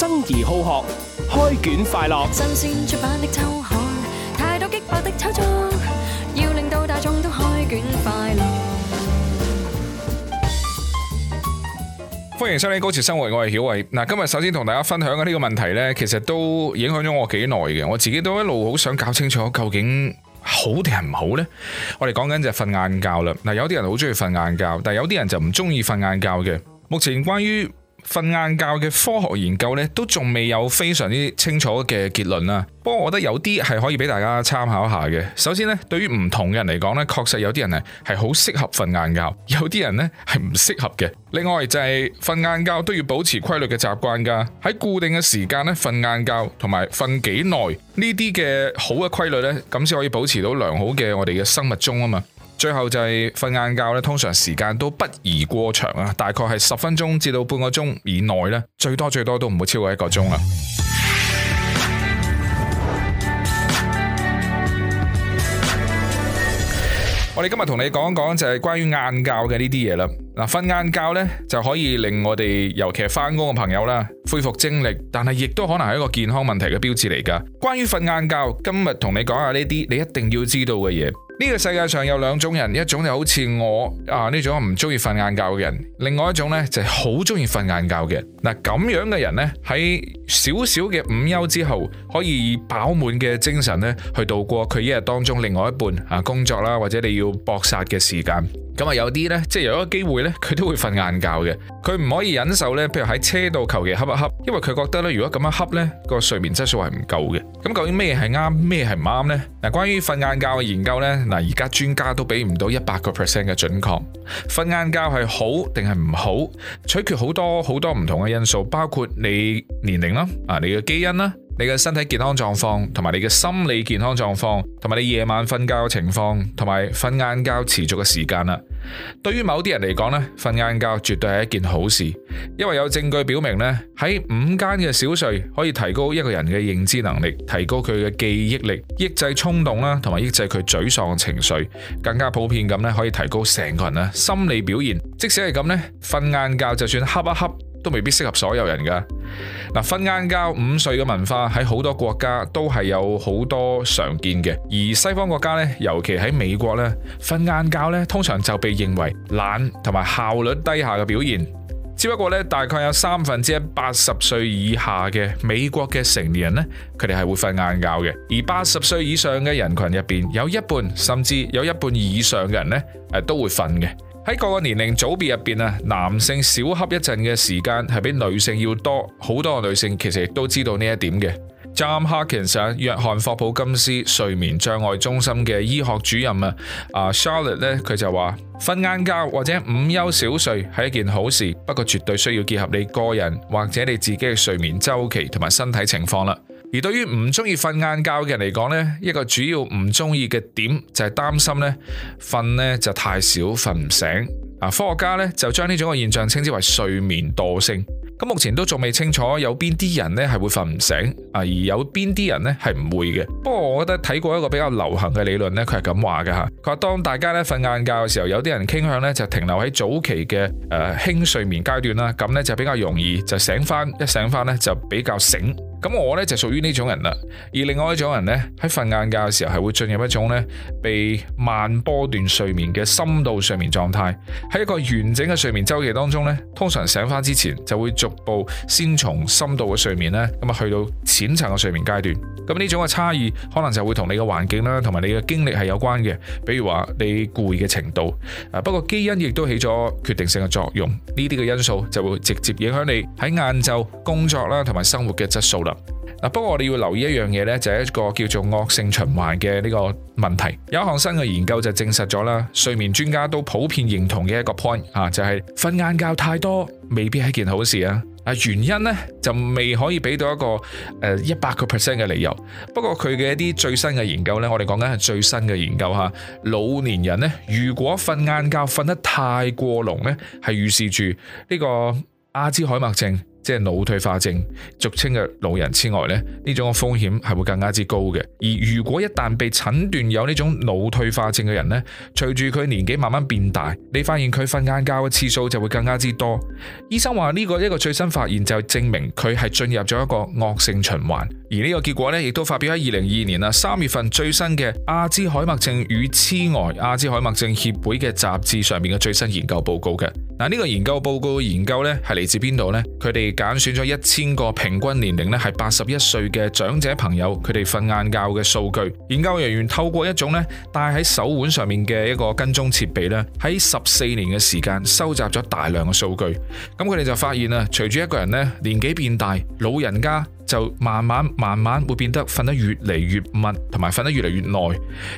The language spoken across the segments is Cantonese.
生而好學，開卷快樂。新鮮出版的周刊，太多激烈的炒作，要令到大眾都開卷快樂。歡迎收睇《高潮生活》，我係曉偉。嗱，今日首先同大家分享嘅呢個問題呢，其實都影響咗我幾耐嘅。我自己都一路好想搞清楚，究竟好定係唔好呢？我哋講緊就係瞓晏覺啦。嗱，有啲人好中意瞓晏覺，但係有啲人就唔中意瞓晏覺嘅。目前關於瞓晏覺嘅科學研究咧，都仲未有非常之清楚嘅結論啦。不過我覺得有啲係可以俾大家參考下嘅。首先咧，對於唔同嘅人嚟講咧，確實有啲人係係好適合瞓晏覺，有啲人咧係唔適合嘅。另外就係瞓晏覺都要保持規律嘅習慣㗎，喺固定嘅時間咧瞓晏覺，同埋瞓幾耐呢啲嘅好嘅規律咧，咁先可以保持到良好嘅我哋嘅生物鐘啊嘛。最後就係瞓晏覺咧，通常時間都不宜過長啊，大概係十分鐘至到半個鐘以內咧，最多最多都唔會超過一個鐘啦。 我哋今日同你講一講就係關於晏覺嘅呢啲嘢啦。瞓晏覺呢，就可以令我哋，尤其係翻工嘅朋友啦，恢復精力。但係亦都可能係一個健康問題嘅標誌嚟噶。關於瞓晏覺，今日同你講下呢啲你一定要知道嘅嘢。呢個世界上有兩種人，一種就好似我啊呢種唔中意瞓晏覺嘅人，另外一種呢，就係好中意瞓晏覺嘅。嗱，咁樣嘅人呢，喺少少嘅午休之後，可以以飽滿嘅精神呢，去度過佢一日當中另外一半啊工作啦，或者你要搏殺嘅時間。咁啊有啲呢，即係有一個機會咧。佢都會瞓晏覺嘅，佢唔可以忍受呢，譬如喺車度求其瞌一瞌，因為佢覺得咧，如果咁樣瞌呢，個睡眠質素係唔夠嘅。咁究竟咩係啱，咩係唔啱呢？嗱，關於瞓晏覺嘅研究呢，嗱，而家專家都俾唔到一百個 percent 嘅準確。瞓晏覺係好定係唔好，取決好多好多唔同嘅因素，包括你年齡啦，啊，你嘅基因啦。你嘅身體健康狀況，同埋你嘅心理健康狀況，同埋你夜晚瞓覺情況，同埋瞓晏覺持續嘅時間啦。對於某啲人嚟講咧，瞓晏覺絕對係一件好事，因為有證據表明咧，喺午間嘅小睡可以提高一個人嘅認知能力，提高佢嘅記憶力，抑制衝動啦，同埋抑制佢沮喪情緒，更加普遍咁咧可以提高成個人咧心理表現。即使係咁咧，瞓晏覺就算瞌一瞌。都未必適合所有人噶。嗱、呃，瞓晏覺午睡嘅文化喺好多國家都係有好多常見嘅。而西方國家呢，尤其喺美國呢，瞓晏覺呢通常就被認為懶同埋效率低下嘅表現。只不過呢，大概有三分之一八十歲以下嘅美國嘅成年人呢，佢哋係會瞓晏覺嘅。而八十歲以上嘅人群入邊，有一半甚至有一半以上嘅人呢，誒都會瞓嘅。喺各個年齡組別入邊啊，男性少瞌一陣嘅時間係比女性要多，好多嘅女性其實亦都知道呢一點嘅。Jam Hawkins，約翰霍普金斯睡眠障礙中心嘅醫學主任啊，啊 Charlotte 咧，佢就話，瞓晏覺或者午休小睡係一件好事，不過絕對需要結合你個人或者你自己嘅睡眠週期同埋身體情況啦。而對於唔中意瞓晏覺嘅人嚟講呢，一個主要唔中意嘅點就係擔心呢瞓呢就太少，瞓唔醒。啊，科學家呢就將呢種嘅現象稱之為睡眠惰性。咁目前都仲未清楚有邊啲人呢係會瞓唔醒，啊，而有邊啲人呢係唔會嘅。不過我覺得睇過一個比較流行嘅理論呢，佢係咁話嘅嚇。佢話當大家呢瞓晏覺嘅時候，有啲人傾向呢就停留喺早期嘅誒輕睡眠階段啦，咁呢就比較容易就醒翻，一醒翻呢，就比較醒。咁我咧就屬於呢種人啦，而另外一種人呢，喺瞓晏覺嘅時候係會進入一種呢被慢波段睡眠嘅深度睡眠狀態，喺一個完整嘅睡眠周期當中呢，通常醒翻之前就會逐步先從深度嘅睡眠呢，咁啊去到淺層嘅睡眠階段。咁呢種嘅差異可能就會同你嘅環境啦，同埋你嘅經歷係有關嘅，比如話你攰嘅程度。誒，不過基因亦都起咗決定性嘅作用，呢啲嘅因素就會直接影響你喺晏晝工作啦同埋生活嘅質素。不過我哋要留意一樣嘢呢，就係一個叫做惡性循環嘅呢個問題。有一項新嘅研究就證實咗啦，睡眠專家都普遍認同嘅一個 point 啊，就係瞓晏覺太多未必係件好事啊。啊，原因呢，就未可以俾到一個誒一百個 percent 嘅理由。不過佢嘅一啲最新嘅研究呢，我哋講緊係最新嘅研究吓，老年人呢，如果瞓晏覺瞓得太過濃呢，係預示住呢個阿茲海默症。即係腦退化症，俗稱嘅老人痴呆咧，呢種嘅風險係會更加之高嘅。而如果一旦被診斷有呢種腦退化症嘅人呢，隨住佢年紀慢慢變大，你發現佢瞓晏覺嘅次數就會更加之多。醫生話呢個一個最新發現就證明佢係進入咗一個惡性循環。而呢個結果呢，亦都發表喺二零二年二零二二年啊三月份最新嘅阿茲海默症與痴呆阿茲海默症協會嘅雜誌上面嘅最新研究報告嘅。嗱，呢個研究報告嘅研究呢係嚟自邊度呢？佢哋揀選咗一千個平均年齡呢係八十一歲嘅長者朋友，佢哋瞓晏覺嘅數據。研究人員透過一種呢戴喺手腕上面嘅一個跟蹤設備呢喺十四年嘅時間收集咗大量嘅數據。咁佢哋就發現啊，隨住一個人呢年紀變大，老人家就慢慢慢慢會變得瞓得越嚟越密，同埋瞓得越嚟越耐。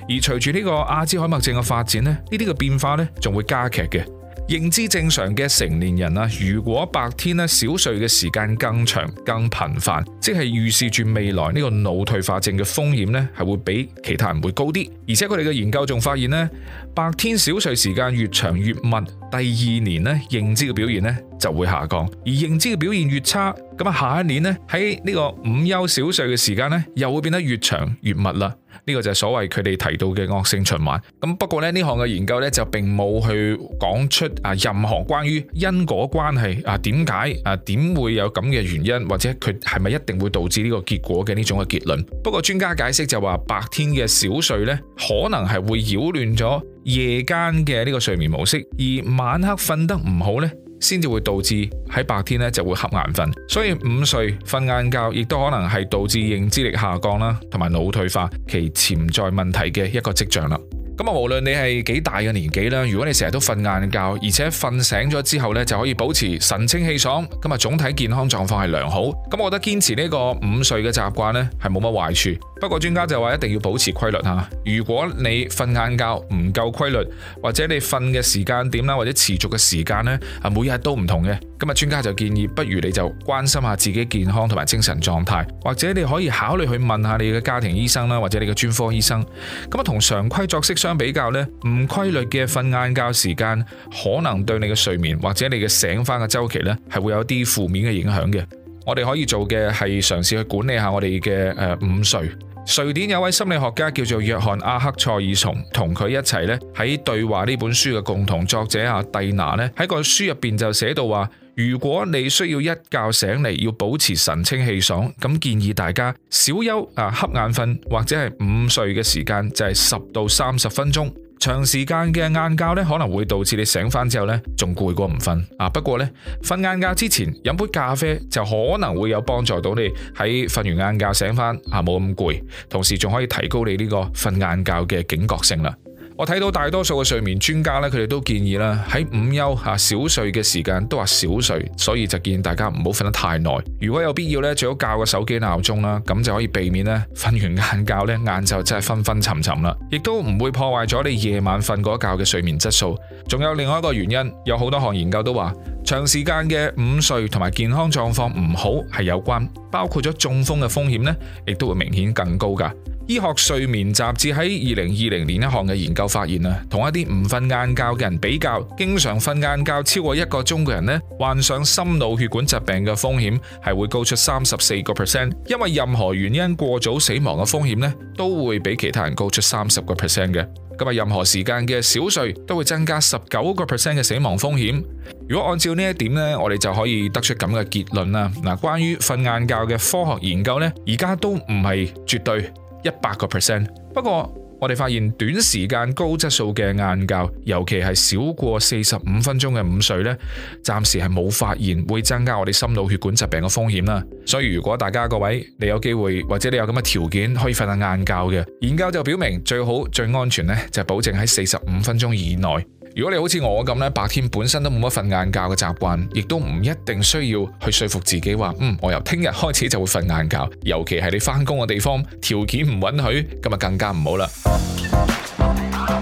而隨住呢個阿茲海默症嘅發展呢，呢啲嘅變化呢仲會加劇嘅。認知正常嘅成年人啊，如果白天咧小睡嘅時間更長、更頻繁，即係預示住未來呢個腦退化症嘅風險咧，係會比其他人會高啲。而且佢哋嘅研究仲發現咧，白天小睡時間越長越密，第二年咧認知嘅表現咧就會下降，而認知嘅表現越差，咁啊下一年咧喺呢個午休小睡嘅時間咧又會變得越長越密啦。呢個就係所謂佢哋提到嘅惡性循環。咁不過呢，呢項嘅研究呢，就並冇去講出啊任何關於因果關係啊點解啊點會有咁嘅原因，或者佢係咪一定會導致呢個結果嘅呢種嘅結論。不過專家解釋就話，白天嘅小睡呢，可能係會擾亂咗夜間嘅呢個睡眠模式，而晚黑瞓得唔好呢。先至會導致喺白天咧就會瞌眼瞓，所以午睡瞓晏覺亦都可能係導致認知力下降啦，同埋腦退化其潛在問題嘅一個跡象啦。咁啊，無論你係幾大嘅年紀啦，如果你成日都瞓晏覺，而且瞓醒咗之後咧就可以保持神清氣爽，咁啊總體健康狀況係良好，咁我覺得堅持呢個午睡嘅習慣呢，係冇乜壞處。不過專家就話，一定要保持規律啊，如果你瞓晏覺唔夠規律，或者你瞓嘅時間點啦，或者持續嘅時間呢，啊，每日都唔同嘅。今日專家就建議，不如你就關心下自己健康同埋精神狀態，或者你可以考慮去問下你嘅家庭醫生啦，或者你嘅專科醫生。咁啊，同常規作息相比較呢，唔規律嘅瞓晏覺時間，可能對你嘅睡眠或者你嘅醒翻嘅周期呢，係會有啲負面嘅影響嘅。我哋可以做嘅係嘗試去管理下我哋嘅、呃、午睡。瑞典有位心理學家叫做約翰阿克賽爾松，同佢一齊咧喺《對話》呢本書嘅共同作者阿蒂娜咧喺個書入邊就寫到話：如果你需要一覺醒嚟，要保持神清氣爽，咁建議大家小休啊瞌眼瞓或者係午睡嘅時間就係十到三十分鐘。長時間嘅晏覺咧，可能會導致你醒翻之後咧，仲攰過唔瞓啊！不過咧，瞓晏覺之前飲杯咖啡，就可能會有幫助到你喺瞓完晏覺醒翻啊，冇咁攰，同時仲可以提高你呢個瞓晏覺嘅警覺性啦。我睇到大多數嘅睡眠專家咧，佢哋都建議啦，喺午休吓小睡嘅時間都話小睡，所以就建議大家唔好瞓得太耐。如果有必要咧，最好教個手機鬧鐘啦，咁就可以避免咧瞓完晏覺咧晏晝真係昏昏沉沉啦，亦都唔會破壞咗你夜晚瞓嗰一覺嘅睡眠質素。仲有另外一個原因，有好多項研究都話，長時間嘅午睡同埋健康狀況唔好係有關，包括咗中風嘅風險，呢亦都會明顯更高噶。醫學睡眠雜誌喺二零二零年一項嘅研究發現啊，同一啲唔瞓晏覺嘅人比較，經常瞓晏覺超過一個鐘嘅人呢，患上心腦血管疾病嘅風險係會高出三十四個 percent。因為任何原因過早死亡嘅風險呢，都會比其他人高出三十個 percent 嘅。咁啊，任何時間嘅小睡都會增加十九個 percent 嘅死亡風險。如果按照呢一點呢，我哋就可以得出咁嘅結論啦。嗱，關於瞓晏覺嘅科學研究呢，而家都唔係絕對，一百個 percent，不過我哋發現短時間高質素嘅晏覺，尤其係少過四十五分鐘嘅午睡呢，暫時係冇發現會增加我哋心腦血管疾病嘅風險啦。所以如果大家各位你有機會或者你有咁嘅條件可以瞓下晏覺嘅，研究就表明最好最安全呢，就係保證喺四十五分鐘以內。如果你好似我咁咧，白天本身都冇乜瞓晏覺嘅習慣，亦都唔一定需要去說服自己話，嗯，我由聽日開始就會瞓晏覺。尤其係你翻工嘅地方，條件唔允許，咁就更加唔好啦。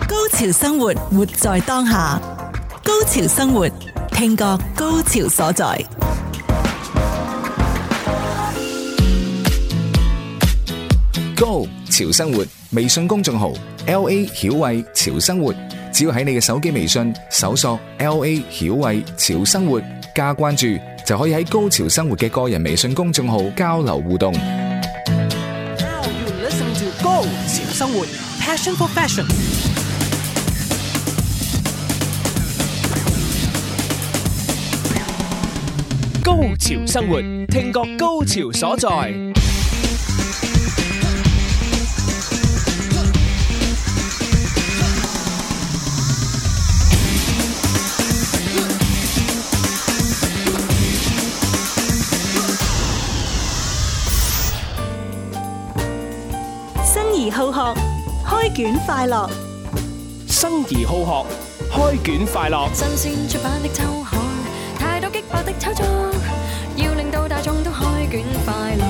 高潮生活，活在當下。高潮生活，聽過高潮所在。Go！潮生活微信公眾號，L A 曉慧潮生活。只要喺你嘅手機微信搜索 LA 曉慧潮生活加關注，就可以喺高潮生活嘅個人微信公眾號交流互動。Now you listen to 高潮生活，Passion for fashion。高潮生活，聽覺高潮所在。好學，開卷快樂。生而好學，開卷快樂。新鮮出版的周刊，太多激發的炒作，要令到大眾都開卷快樂。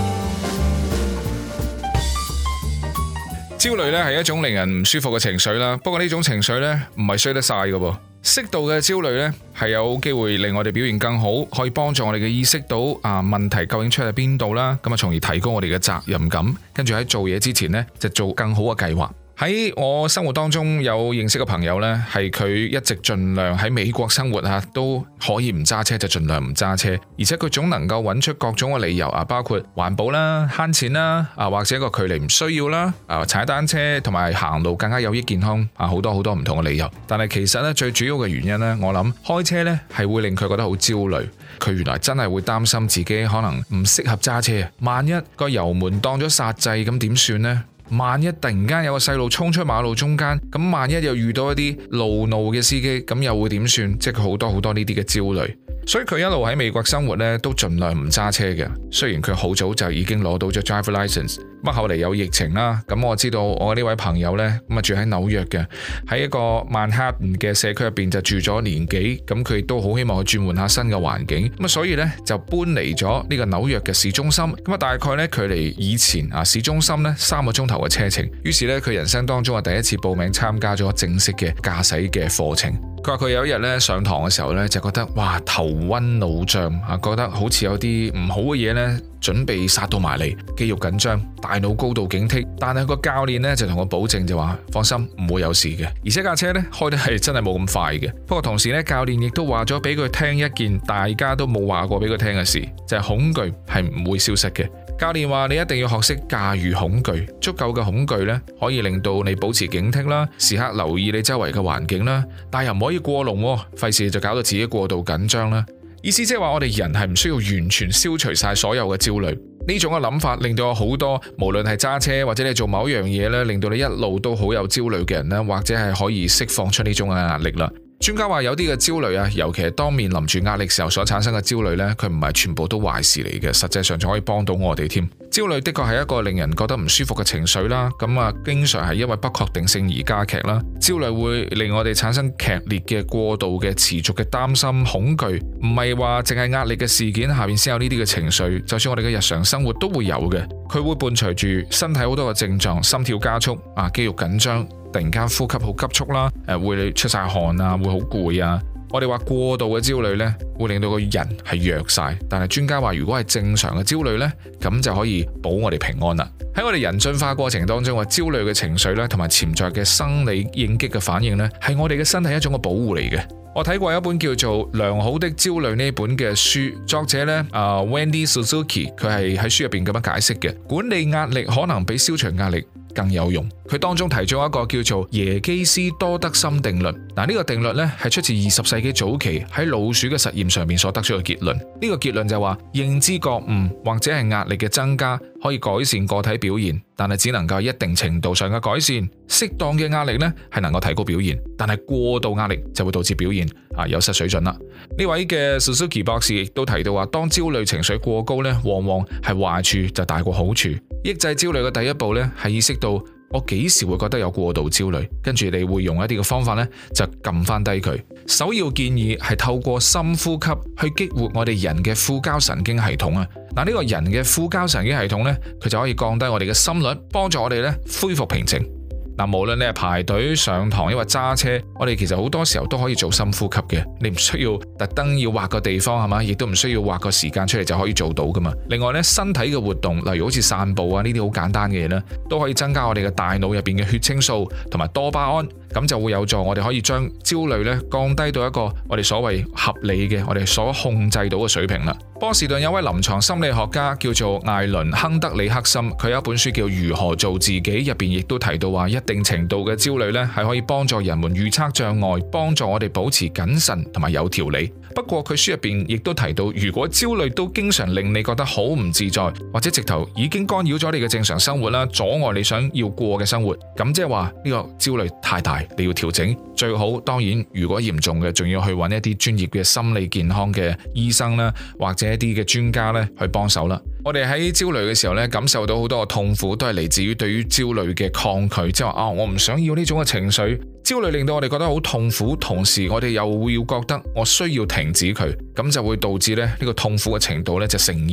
焦慮呢係一種令人唔舒服嘅情緒啦，不過呢種情緒呢唔係衰得晒㗎噃。適度嘅焦慮呢，係有機會令我哋表現更好，可以幫助我哋嘅意識到啊問題究竟出喺邊度啦，咁啊，從而提高我哋嘅責任感，跟住喺做嘢之前呢，就做更好嘅計劃。喺我生活當中有認識嘅朋友呢，係佢一直盡量喺美國生活下，都可以唔揸車就盡量唔揸車，而且佢總能夠揾出各種嘅理由啊，包括環保啦、慳錢啦啊，或者一個距離唔需要啦啊，踩單車同埋行路更加有益健康啊，好多好多唔同嘅理由。但係其實呢，最主要嘅原因呢，我諗開車呢係會令佢覺得好焦慮，佢原來真係會擔心自己可能唔適合揸車，萬一個油門當咗煞掣咁點算呢？萬一突然間有個細路衝出馬路中間，咁萬一又遇到一啲路怒嘅司機，咁又會點算？即係佢好多好多呢啲嘅焦慮。所以佢一路喺美國生活咧，都盡量唔揸車嘅。雖然佢好早就已經攞到咗 driver license，不過後嚟有疫情啦。咁我知道我呢位朋友咧，咁啊住喺紐約嘅，喺一個曼哈頓嘅社區入邊就住咗年幾。咁佢亦都好希望去轉換下新嘅環境。咁所以咧就搬嚟咗呢個紐約嘅市中心。咁啊，大概咧距離以前啊市中心咧三個鐘頭嘅車程。於是咧佢人生當中啊第一次報名參加咗正式嘅駕駛嘅課程。佢話佢有一日咧上堂嘅時候咧就覺得哇，頭暈腦脹啊，覺得好似有啲唔好嘅嘢咧準備殺到埋嚟，肌肉緊張，大腦高度警惕。但係個教練咧就同我保證就話放心唔會有事嘅，而且架車咧開得係真係冇咁快嘅。不過同時咧教練亦都話咗俾佢聽一件大家都冇話過俾佢聽嘅事，就係恐懼係唔會消失嘅。教練話：你一定要學識駕馭恐懼，足夠嘅恐懼咧，可以令到你保持警惕啦，時刻留意你周圍嘅環境啦。但又唔可以過龍，費事就搞到自己過度緊張啦。意思即係話，我哋人係唔需要完全消除晒所有嘅焦慮。呢種嘅諗法令到我好多，無論係揸車或者你做某一樣嘢咧，令到你一路都好有焦慮嘅人咧，或者係可以釋放出呢種嘅壓力啦。專家話有啲嘅焦慮啊，尤其係當面臨住壓力時候所產生嘅焦慮呢，佢唔係全部都壞事嚟嘅，實際上仲可以幫到我哋添。焦慮的確係一個令人覺得唔舒服嘅情緒啦，咁啊，經常係因為不確定性而加劇啦。焦慮會令我哋產生劇烈嘅、過度嘅、持續嘅擔心、恐懼，唔係話淨係壓力嘅事件下面先有呢啲嘅情緒，就算我哋嘅日常生活都會有嘅。佢會伴隨住身體好多嘅症狀，心跳加速啊，肌肉緊張。突然間呼吸好急促啦，誒會出晒汗啊，會好攰啊。我哋話過度嘅焦慮呢，會令到個人係弱晒。但係專家話，如果係正常嘅焦慮呢，咁就可以保我哋平安啦。喺我哋人進化過程當中，啊焦慮嘅情緒咧，同埋潛在嘅生理應激嘅反應呢，係我哋嘅身體一種嘅保護嚟嘅。我睇過一本叫做《良好的焦慮》呢本嘅書，作者呢啊 Wendy Suzuki，佢係喺書入邊咁樣解釋嘅，管理壓力可能比消除壓力更有用。佢當中提出一個叫做耶基斯多德森定律，嗱、這、呢個定律咧係出自二十世紀早期喺老鼠嘅實驗上面所得出嘅結論。呢、這個結論就話認知覺悟或者係壓力嘅增加可以改善個體表現，但係只能夠一定程度上嘅改善。適當嘅壓力咧係能夠提高表現，但係過度壓力就會導致表現啊有失水準啦。呢位嘅 Suzuki 博士亦都提到話，當焦慮情緒過高咧，往往係壞處就大過好處。抑制焦慮嘅第一步咧係意識到。我幾時會覺得有過度焦慮？跟住你會用一啲嘅方法呢，就撳翻低佢。首要建議係透過深呼吸去激活我哋人嘅副交神經系統啊。嗱，呢個人嘅副交神經系統呢，佢就可以降低我哋嘅心率，幫助我哋呢恢復平靜。嗱，無論你係排隊上堂，抑或揸車，我哋其實好多時候都可以做深呼吸嘅。你唔需要特登要畫個地方係咪？亦都唔需要畫個時間出嚟就可以做到㗎嘛。另外咧，身體嘅活動，例如好似散步啊呢啲好簡單嘅嘢咧，都可以增加我哋嘅大腦入面嘅血清素同埋多巴胺。咁就會有助我哋可以將焦慮降低到一個我哋所謂合理嘅我哋所控制到嘅水平啦。波士頓有位臨床心理學家叫做艾倫亨德里克森，佢有一本書叫《如何做自己》，入面亦都提到話，一定程度嘅焦慮咧係可以幫助人們預測障礙，幫助我哋保持謹慎同埋有條理。不過佢書入邊亦都提到，如果焦慮都經常令你覺得好唔自在，或者直頭已經干擾咗你嘅正常生活啦，阻礙你想要過嘅生活，咁即係話呢個焦慮太大，你要調整。最好當然，如果嚴重嘅，仲要去揾一啲專業嘅心理健康嘅醫生啦，或者一啲嘅專家咧去幫手啦。我哋喺焦慮嘅時候咧，感受到好多痛苦，都係嚟自於對於焦慮嘅抗拒，即係話啊，我唔想要呢種嘅情緒。焦慮令到我哋覺得好痛苦，同時我哋又會要覺得我需要停止佢，咁就會導致呢個痛苦嘅程度咧就乘二，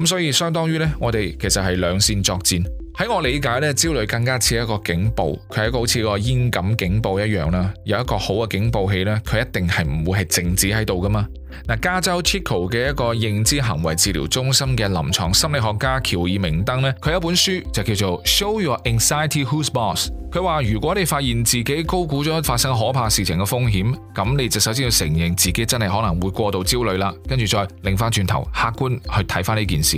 咁所以相當於咧我哋其實係兩線作戰。喺我理解咧，焦慮更加似一個警報，佢係一個好似個煙感警報一樣啦，有一個好嘅警報器咧，佢一定係唔會係靜止喺度㗎嘛。嗱，加州 Chico 嘅一個認知行為治療中心嘅臨床心理學家喬爾明登咧，佢有一本書就叫做《Show Your Anxiety Who's Boss》。佢話如果你發現自己高估咗發生可怕事情嘅風險，咁你就首先要承認自己真係可能會過度焦慮啦，跟住再擰翻轉頭客觀去睇翻呢件事。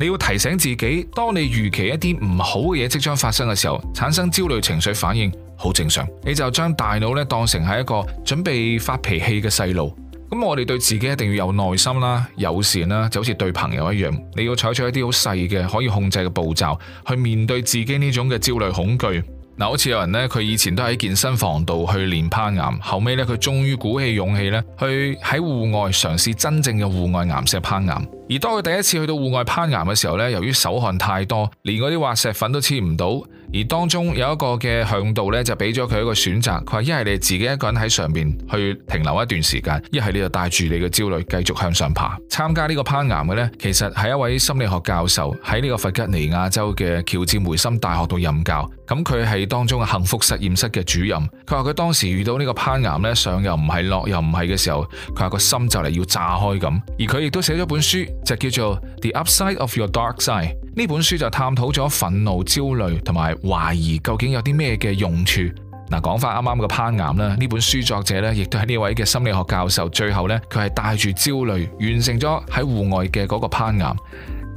你要提醒自己，當你預期一啲唔好嘅嘢即將發生嘅時候，產生焦慮情緒反應好正常。你就將大腦咧當成係一個準備發脾氣嘅細路。咁我哋對自己一定要有耐心啦，友善啦，就好似對朋友一樣。你要採取一啲好細嘅可以控制嘅步驟，去面對自己呢種嘅焦慮、恐懼。嗱，好似有人呢，佢以前都喺健身房度去練攀岩，後尾呢，佢終於鼓起勇氣呢，去喺戶外嘗試真正嘅戶外岩石攀岩。而當佢第一次去到戶外攀岩嘅時候呢，由於手汗太多，連嗰啲滑石粉都黐唔到。而當中有一個嘅嚮導呢，就俾咗佢一個選擇。佢話一係你自己一個人喺上面去停留一段時間，一係你就帶住你嘅焦慮繼續向上爬。參加呢個攀岩嘅，呢，其實係一位心理學教授喺呢個弗吉尼亞州嘅喬治梅森大學度任教。咁佢係當中嘅幸福實驗室嘅主任。佢話佢當時遇到呢個攀岩呢，上又唔係，落又唔係嘅時候，佢話個心就嚟要炸開咁。而佢亦都寫咗本書，就叫做《The Upside of Your Dark Side》。呢本書就探討咗憤怒、焦慮同埋懷疑究竟有啲咩嘅用處嗱，講翻啱啱嘅攀岩啦，呢本書作者呢亦都係呢位嘅心理學教授，最後呢，佢係帶住焦慮完成咗喺戶外嘅嗰個攀岩。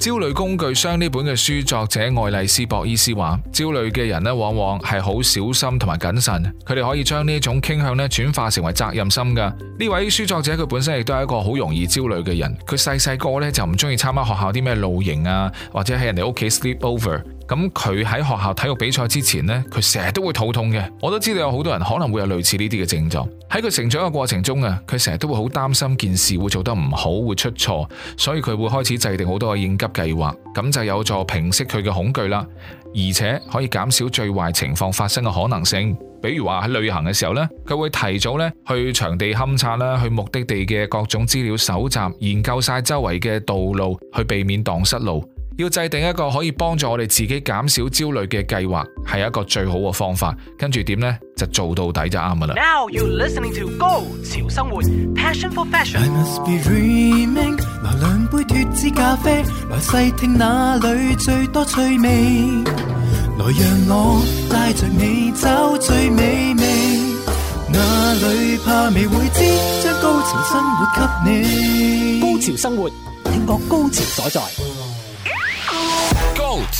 焦慮工具箱呢本嘅書作者愛麗絲博伊斯話：焦慮嘅人咧，往往係好小心同埋謹慎，佢哋可以將呢一種傾向咧轉化成為責任心噶。呢位書作者佢本身亦都係一個好容易焦慮嘅人，佢細細個呢就唔中意參加學校啲咩露營啊，或者喺人哋屋企 sleepover。咁佢喺學校體育比賽之前呢，佢成日都會肚痛嘅。我都知道有好多人可能會有類似呢啲嘅症狀。喺佢成長嘅過程中啊，佢成日都會好擔心件事會做得唔好，會出錯，所以佢會開始制定好多嘅應急計劃，咁就有助平息佢嘅恐懼啦，而且可以減少最壞情況發生嘅可能性。比如話喺旅行嘅時候呢，佢會提早呢去場地勘察啦，去目的地嘅各種資料搜集，研究晒周圍嘅道路，去避免蕩失路。要制定一個可以幫助我哋自己減少焦慮嘅計劃，係一個最好嘅方法。跟住點呢？就做到底就啱啦。Now you listening to 高潮生活，passion for fashion。I must be dreaming。拿兩杯脱脂咖啡，來細聽那裏最多趣味。來讓我帶着你找最美味，哪裏怕未會知，將高潮生活給你。高潮生活，英國高潮所在。